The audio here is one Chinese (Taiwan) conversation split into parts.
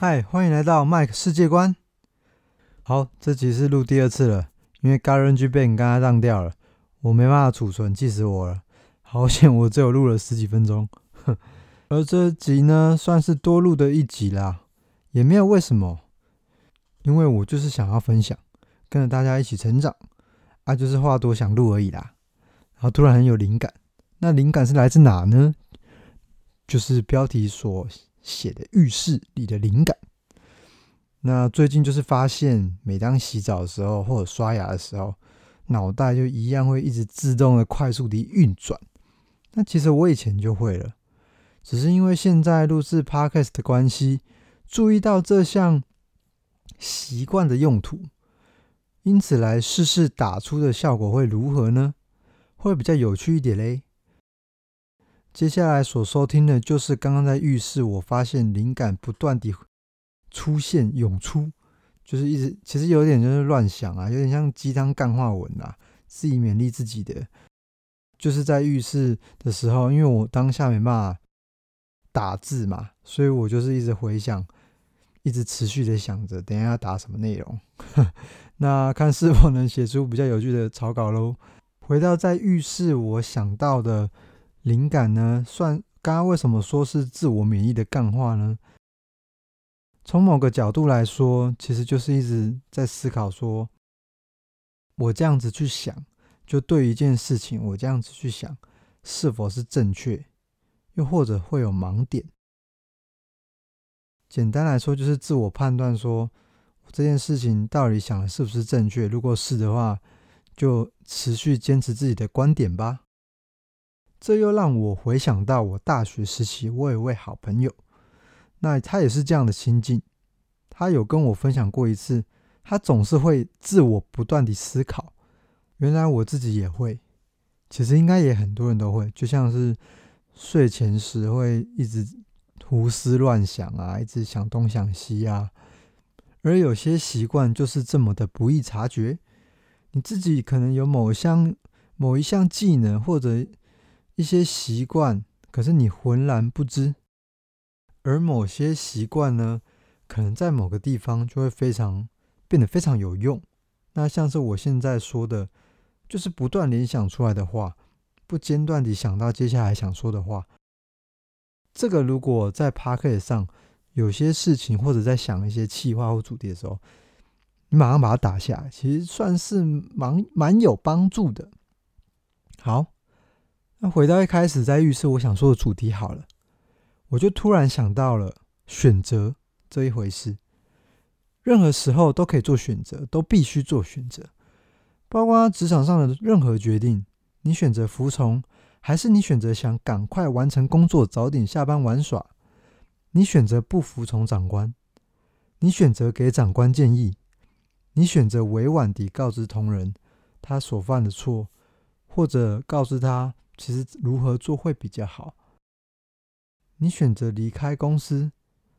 嗨，Hi, 歡迎來到 Mike 世界觀。好，這集是錄第二次了，因為 GarageBand 剛才宕掉了，我沒辦法儲存，氣死我了。好險，我只有錄了十幾分鐘。而這集呢，算是多錄的一集啦，也沒有為什麼，因為我就是想要分享，跟着大家一起成長，啊，就是話多想錄而已啦。然後突然很有靈感，那靈感是來自哪呢？就是標題所。寫的浴室裡的靈感。那最近就是發現，每當洗澡的時候或者刷牙的時候，腦袋就一樣會一直自動的快速的運轉。那其實我以前就會了，只是因為現在錄制 Podcast 的關係，注意到這項習慣的用途，因此來試試打出的效果會如何呢？會比較有趣一點嘞。接下來所收聽的就是剛剛在浴室，我發現靈感不斷的出現湧出，就是一直其實有點就是亂想啊，有點像雞湯幹話文啊，自己勉勵自己的。就是在浴室的時候，因為我當下沒辦法打字嘛，所以我就是一直回想，一直持續的想着，等下要打什麼內容， 那看是否能寫出比較有趣的草稿嘍。回到在浴室，我想到的。靈感呢，算剛剛為什麼說是自我免疫的幹話呢？從某個角度來說，其實就是一直在思考說，我這樣子去想，就對一件事情，我這樣子去想是否是正確，又或者會有盲點。簡單來說，就是自我判斷說，這件事情到底想的是不是正確？如果是的話，就持續堅持自己的觀點吧。這又讓我回想到我大學時期，我有位好朋友，那他也是這樣的心境。他有跟我分享過一次，他總是會自我不斷地思考。原來我自己也會，其實應該也很多人都會，就像是睡前時會一直胡思亂想啊，一直想東想西啊。而有些習慣就是這麼的不易察覺，你自己可能有某一項某一項技能或者。一些習慣，可是你渾然不知；而某些習慣呢，可能在某個地方就會非常變得非常有用。那像是我現在說的，就是不斷聯想出來的話，不間斷地想到接下來想說的話。這個如果在 Podcast 上，有些事情或者在想一些企劃、或主題的時候，你馬上把它打下來，其實算是蠻蠻有幫助的。好。那回到一開始在浴室我想說的主題好了，我就突然想到了選擇這一回事。任何時候都可以做選擇，都必須做選擇，包括職場上的任何決定。你選擇服從，還是你選擇想趕快完成工作，早點下班玩耍？你選擇不服從長官，你選擇給長官建議，你選擇委婉地告知同仁他所犯的錯，或者告知他。其實如何做會比較好？你選擇離開公司，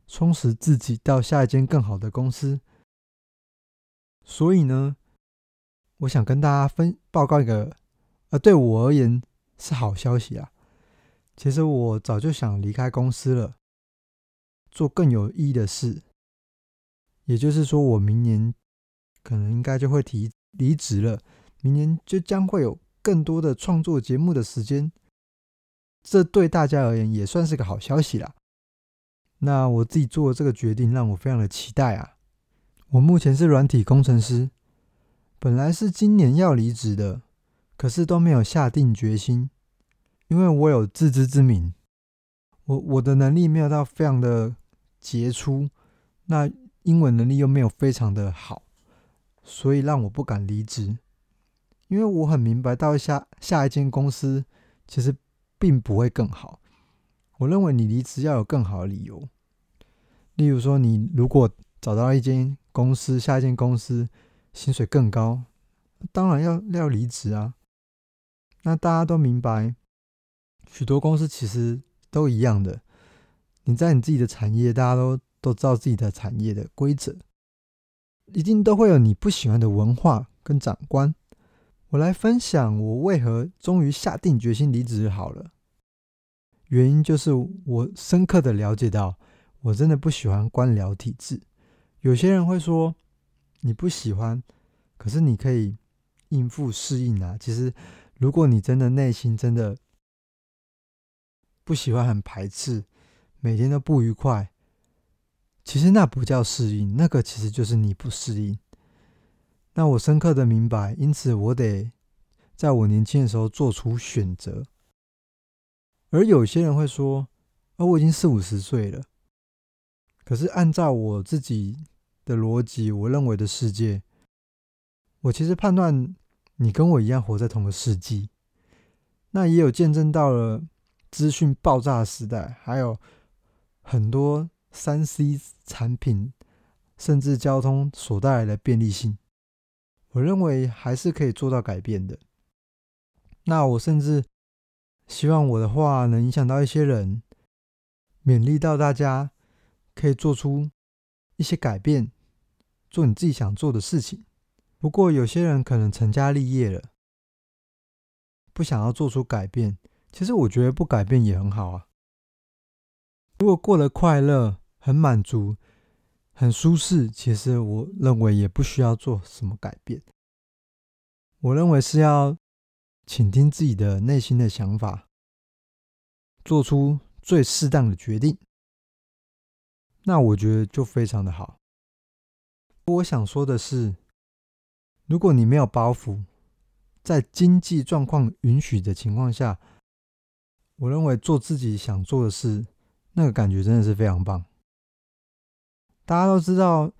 充實自己到下一間更好的公司。所以呢，我想跟大家分報告一個，呃，對我而言是好消息啊。其實我早就想離開公司了，做更有意義的事。也就是說，我明年可能應該就會提離職了，明年就將會有。更多的創作節目的時間，這對大家而言也算是個好消息啦。那我自己做的這個決定，讓我非常的期待啊。我目前是軟體工程師，本來是今年要離職的，可是都沒有下定決心，因為我有自知之明，我我的能力沒有到非常的傑出，那英文能力又沒有非常的好，所以讓我不敢離職。因為我很明白到，到下下一間公司其實並不會更好。我認為你離職要有更好的理由，例如說，你如果找到一間公司，下一間公司薪水更高，當然要要離職啊。那大家都明白，許多公司其實都一樣的。你在你自己的產業，大家都都知道自己的產業的規則，一定都會有你不喜歡的文化跟長官。我來分享我為何終於下定決心離職好了，原因就是我深刻的了解到，我真的不喜歡官僚體制。有些人會說你不喜歡，可是你可以應付適應啊。其實如果你真的內心真的不喜歡、很排斥，每天都不愉快，其實那不叫適應，那個其實就是你不適應。那我深刻的明白，因此我得在我年輕的時候做出選擇。而有些人會說：“啊、哦，我已經四五十歲了。”可是按照我自己的邏輯，我認為的世界，我其實判斷你跟我一樣活在同個世紀。那也有見證到了資訊爆炸時代，還有很多三 C 產品，甚至交通所帶來的便利性。我認為還是可以做到改變的。那我甚至希望我的話能影響到一些人，勉勵到大家可以做出一些改變，做你自己想做的事情。不過有些人可能成家立業了，不想要做出改變。其實我覺得不改變也很好啊。如果過得快樂，很滿足。很舒適，其實我認為也不需要做什麼改變。我認為是要傾聽自己的內心的想法，做出最適當的決定。那我覺得就非常的好。我想說的是，如果你沒有包袱，在經濟狀況允許的情況下，我認為做自己想做的事，那個感覺真的是非常棒。大家都知道，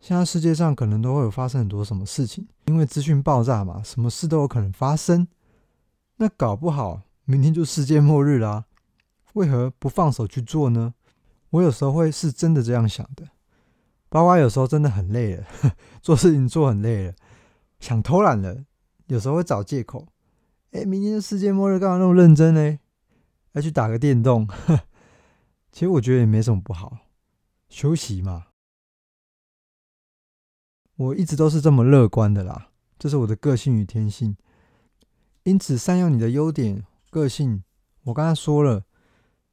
現在世界上可能都會有發生很多什麼事情，因為資訊爆炸嘛，什麼事都有可能發生。那搞不好明天就世界末日啦，啊？為何不放手去做呢？我有時候會是真的這樣想的。爸爸有時候真的很累了，做事情做很累了，想偷懶了，有時候會找借口。誒、欸，明天世界末日，幹嘛那麼認真呢？要去打個電動。其實我覺得也沒什麼不好，休息嘛。我一直都是這麼樂觀的啦，這是我的個性與天性。因此，善用你的優點、個性。我剛才說了，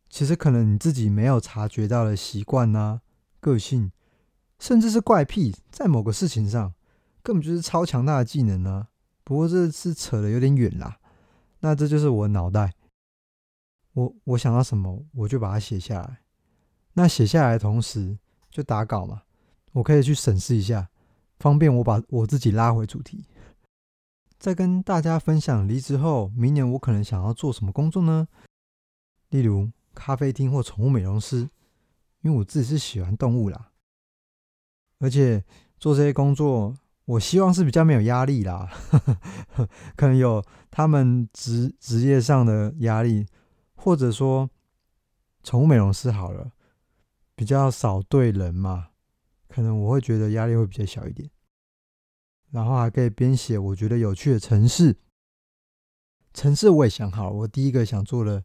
其實可能你自己沒有察覺到的習慣啊、個性，甚至是怪癖，在某個事情上，根本就是超強大的技能呢、啊。不過，這是扯得有點遠啦。那這就是我的腦袋，我我想到什麼，我就把它寫下來。那寫下來的同時，就打稿嘛，我可以去審視一下。方便我把我自己拉回主題，再跟大家分享離職後，明年我可能想要做什麼工作呢？例如咖啡廳或寵物美容師，因為我自己是喜歡動物啦，而且做這些工作，我希望是比較沒有壓力啦， 可能有他們職職業上的壓力，或者說寵物美容師好了，比較少對人嘛，可能我會覺得壓力會比較小一點。然後還可以編寫我覺得有趣的程式。程式我也想好，我第一個想做的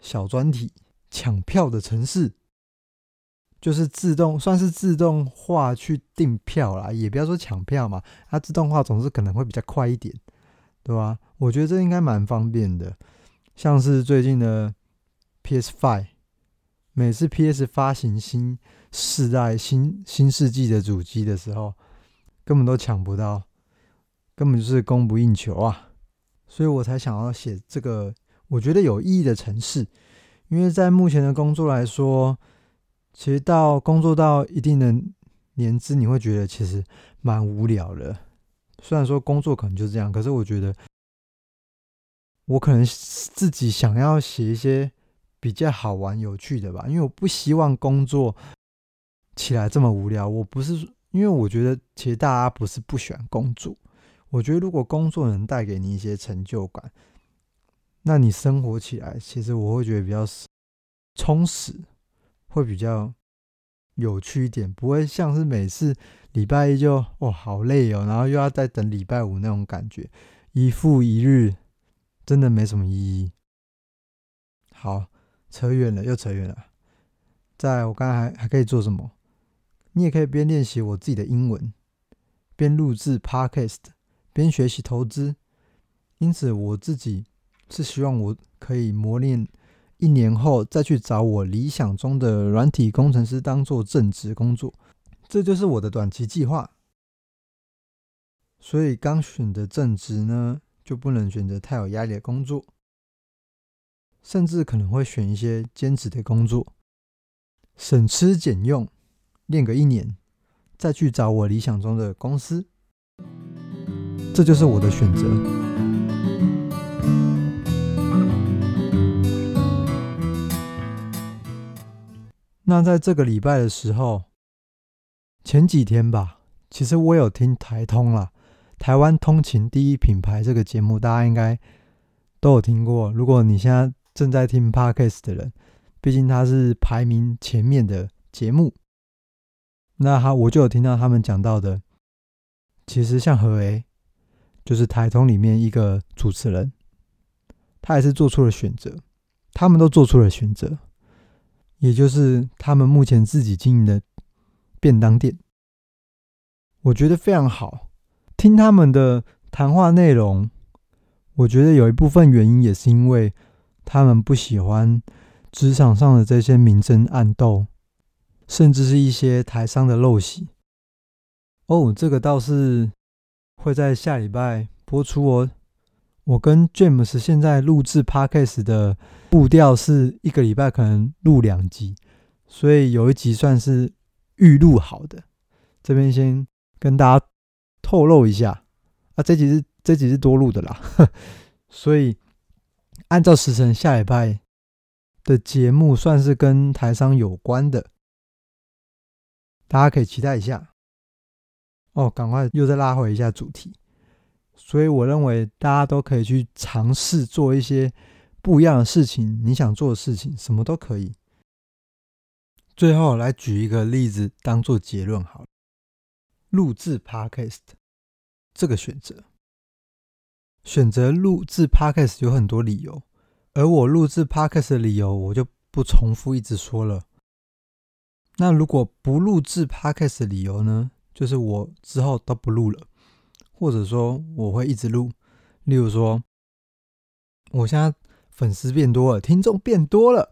小專題，搶票的程式，就是自動算是自動化去訂票啦，也不要說搶票嘛，它自動化總是可能會比較快一點，對吧？我覺得這應該蠻方便的，像是最近的 PS Five，每次 PS 發行新世代新新世紀的主機的時候。根本都搶不到，根本就是供不應求啊！所以我才想要寫這個我覺得有意義的程式，因為在目前的工作來說，其實到工作到一定的年資，你會覺得其實蠻無聊的。雖然說工作可能就是這樣，可是我覺得我可能自己想要寫一些比較好玩有趣的吧，因為我不希望工作起來這麼無聊。我不是。因為我覺得，其實大家不是不喜歡工作。我覺得，如果工作能帶給你一些成就感，那你生活起來，其實我會覺得比較充實，會比較有趣一點，不會像是每次禮拜一就，哦，好累哦，然後又要再等禮拜五那種感覺，一復一日，真的沒什麼意義。好，扯遠了，又扯遠了。在我剛才還還可以做什麼？你也可以邊練習我自己的英文，邊錄製 Podcast，邊學習投資。因此，我自己是希望我可以磨練一年後，再去找我理想中的軟體工程師當做正職工作。這就是我的短期計劃。所以剛選的正職呢，就不能選擇太有壓力的工作，甚至可能會選一些兼職的工作，省吃儉用。練個一年，再去找我理想中的公司，這就是我的選擇。那在這個禮拜的時候，前幾天吧，其實我有聽台通啦，台灣通勤第一品牌這個節目，大家應該都有聽過。如果你現在正在聽 Podcast 的人，畢竟它是排名前面的節目。那他我就有聽到他們講到的，其實像何為，就是台通裡面一個主持人，他也是做出了選擇，他們都做出了選擇，也就是他們目前自己經營的便當店，我覺得非常好。聽他們的談話內容，我覺得有一部分原因也是因為他們不喜歡職場上的這些明爭暗鬥。甚至是一些台商的陋習哦，oh, 這個倒是會在下禮拜播出哦。我跟 James 現在錄制 Podcast 的步調是一個禮拜可能錄兩集，所以有一集算是預錄好的，這邊先跟大家透露一下。啊，這集是這集是多錄的啦， 所以按照時辰，下禮拜的節目算是跟台商有關的。大家可以期待一下哦，趕快又再拉回一下主題。所以我認為大家都可以去嘗試做一些不一樣的事情，你想做的事情，什麼都可以。最後來舉一個例子，當做結論好了。錄制 Podcast 這個選擇，選擇錄制 Podcast 有很多理由，而我錄制 Podcast 的理由我就不重複一直說了。那如果不錄製 Podcast 的理由呢？就是我之後都不錄了，或者說我會一直錄。例如說，我現在粉絲變多了，聽眾變多了，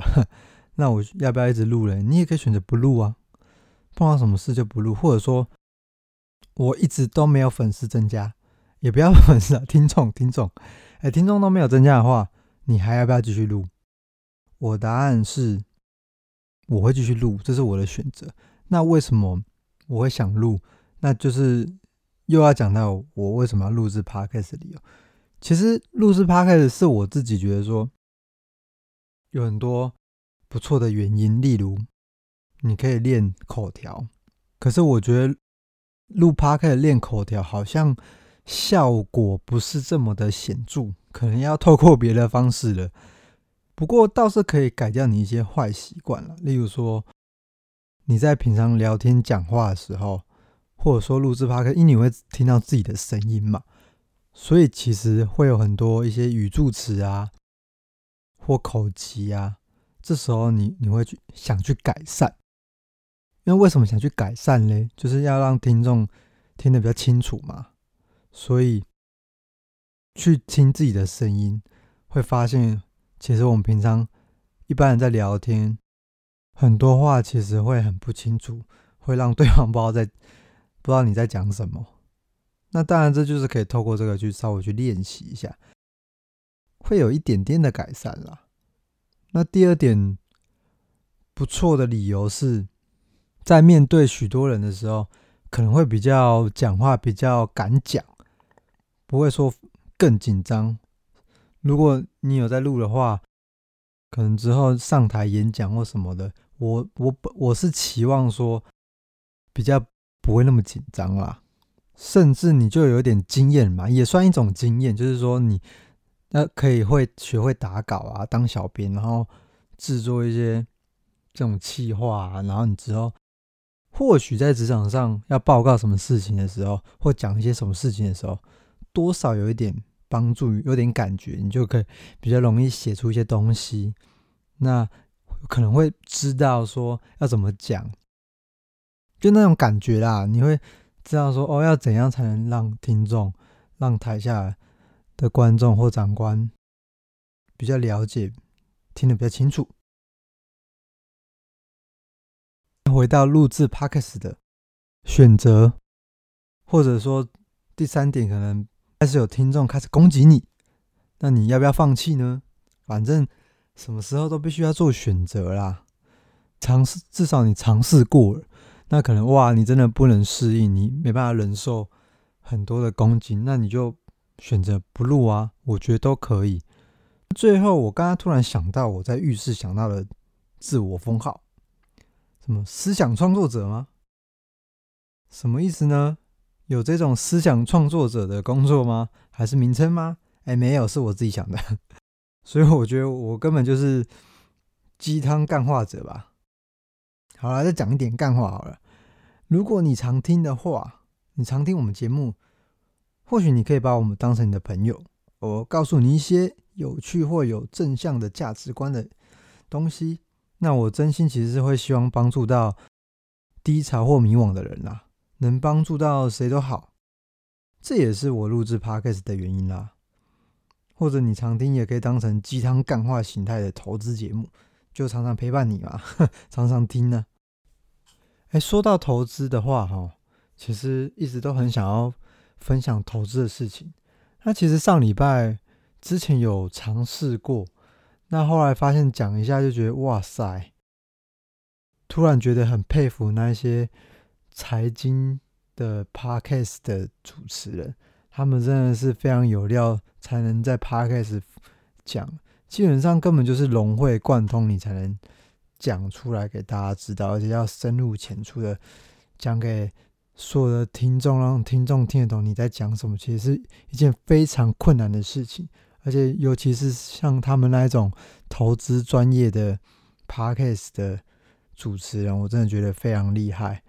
那我要不要一直錄了、欸？你也可以選擇不錄啊，碰到什麼事就不錄，或者說我一直都沒有粉絲增加，也不要粉絲啊，聽眾聽眾，哎，聽眾、欸、都沒有增加的話，你還要不要繼續錄？我答案是。我會繼續錄，這是我的選擇。那為什麼我會想錄？那就是又要講到我為什麼要錄制 podcast 的理由。其實錄制 podcast 是我自己覺得說有很多不錯的原因，例如你可以練口條。可是我覺得錄 podcast 練口條好像效果不是這麼的顯著，可能要透過別的方式了。不過倒是可以改掉你一些壞習慣了，例如說你在平常聊天講話的時候，或者說錄制帕克，因為你會聽到自己的聲音嘛，所以其實會有很多一些語助詞啊，或口級啊，這時候你你會去想去改善，因為為什麼想去改善嘞？就是要讓聽眾聽得比較清楚嘛，所以去聽自己的聲音，會發現。其實我們平常一般人在聊天，很多話其實會很不清楚，會讓對方不知道在不知道你在講什麼。那當然，這就是可以透過這個去稍微去練習一下，會有一點點的改善啦。那第二點不錯的理由是，在面對許多人的時候，可能會比較講話比較敢講，不會說更緊張。如果你有在錄的話，可能之後上台演講或什麼的，我我我是期望說比較不會那麼緊張啦，甚至你就有一點經驗嘛，也算一種經驗，就是說你那可以會學會打稿啊，當小編，然後制作一些這種氣話啊，然後你之後或許在職場上要報告什麼事情的時候，或講一些什麼事情的時候，多少有一點。幫助有點感覺，你就可以比較容易寫出一些東西。那可能會知道說要怎麼講，就那種感覺啦。你會知道說哦，要怎樣才能讓聽眾、讓台下的觀眾或長官比較了解，聽得比較清楚。回到錄製 Podcast 的選擇，或者說第三點可能，開始有聽眾開始攻擊你，那你要不要放棄呢？反正什麼時候都必須要做選擇啦。嘗試，至少你嘗試過了，那可能哇，你真的不能適應，你沒辦法忍受很多的攻擊，那你就選擇不錄啊，我覺得都可以。最後，我剛剛突然想到，我在浴室想到了自我封號，什麼思想創作者嗎？什麼意思呢？有這種思想創作者的工作嗎？還是名稱嗎？哎，沒有，是我自己想的。所以我覺得我根本就是雞湯幹話者吧。好了，再講一點幹話好了。如果你常聽的話，你常聽我們節目，或許你可以把我們當成你的朋友。我告訴你一些有趣或有正向的價值觀的東西。那我真心其實是會希望幫助到低潮或迷惘的人啦、啊。能幫助到誰都好，這也是我錄製 podcast 的原因啦。或者你常聽，也可以當成雞湯幹話形態的投資節目，就常常陪伴你嘛，常常聽呢、啊。誒，說到投資的話，其實一直都很想要分享投資的事情。那其實上禮拜之前有嘗試過，那後來發現講一下就覺得哇塞，突然覺得很佩服那一些。財經的 Podcast 的主持人，他們真的是非常有料，才能在 Podcast 講，基本上根本就是融會貫通，你才能講出來給大家知道，而且要深入淺出的講給所有的聽眾，讓聽眾聽得懂你在講什麼，其實是一件非常困難的事情，而且尤其是像他們那一種投資專業的 Podcast 的主持人，我真的覺得非常厲害。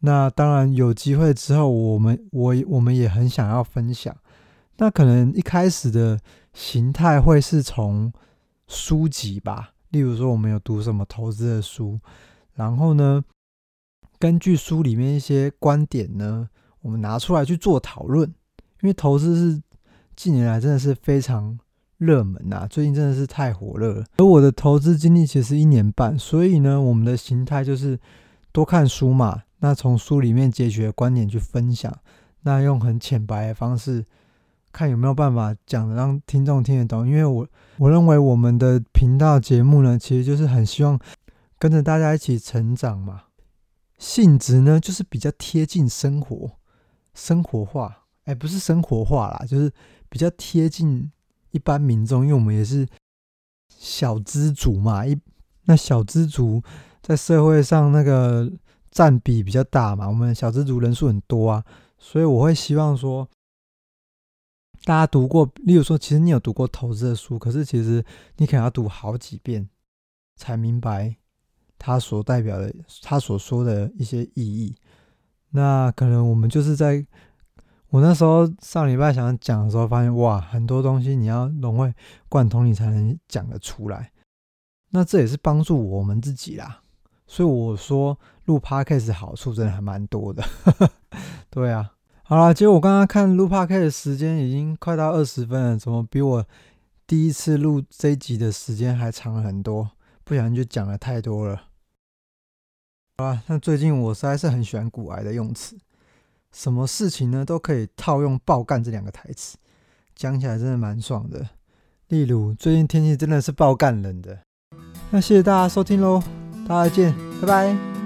那當然有機會之後我，我們我我們也很想要分享。那可能一開始的形態會是從書籍吧，例如說我們有讀什麼投資的書，然後呢，根據書裡面一些觀點呢，我們拿出來去做討論。因為投資是近年來真的是非常熱門吶、啊，最近真的是太火熱了。而我的投資經歷其實一年半，所以呢，我們的形態就是多看書嘛。那從書裡面擷取的觀點去分享，那用很淺白的方式，看有沒有辦法講得讓聽眾聽得懂。因為我我認為我們的頻道節目呢，其實就是很希望跟着大家一起成長嘛。性質呢，就是比較貼近生活，生活化，哎、欸，不是生活化啦，就是比較貼近一般民眾。因為我們也是小資族嘛，一那小資族在社會上那個。佔比比較大嘛，我們小資族人數很多啊，所以我會希望說，大家讀過，例如說，其實你有讀過投資的書，可是其實你可能要讀好幾遍才明白他所代表的，他所說的一些意義。那可能我們就是在我那時候上禮拜想要講的時候，發現哇，很多東西你要融會貫通，你才能講得出來。那這也是幫助我們自己啦。所以我說，錄 podcast 好處真的還蠻多的呵呵。對啊，好了，結果我剛剛看錄 podcast 的時間已經快到二十分了，怎麼比我第一次錄這一集的時間還長很多？不小心就講了太多了。好了，那最近我實在是很喜歡「古癌」的用詞，什麼事情呢都可以套用“爆幹”這兩個台詞，講起來真的蠻爽的。例如，最近天氣真的是爆幹冷的。那謝謝大家收聽嘍。那、啊、見，拜拜。